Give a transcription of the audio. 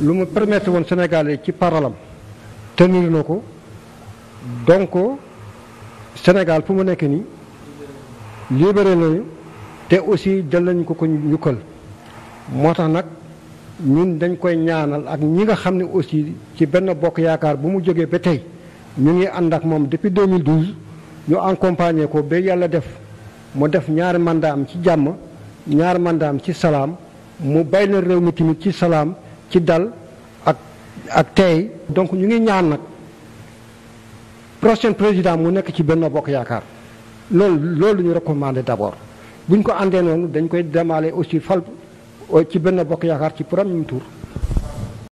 lu mu permettre woon Sénégalais ci paralam tenir na ko donc Sénégal fu mu nekk nii libéré nañu te aussi jël nañu ko ko njukkal moo tax nag ñun dañ koy ñaanal ak ñi nga xam ne aussi ci benn bokk yaakaar bu mu jógee ba tey ñu ngi ànd ak moom depuis 2012 ñu accompagner ko ba yàlla def mu def ñaari mandat am ci jàmm ñaari mandat am ci salaam mu bay na réew mi tamit ci salaam. ci dal ak ak tey donc ñu ngi ñaan nag prochain président mu nekk ci benn Bokk Yaakaar loolu loolu ñu recommandé bu buñ ko àndee noonu dañ koy demaale aussi fal euh, ci benn Bokk Yaakaar ci ñu tour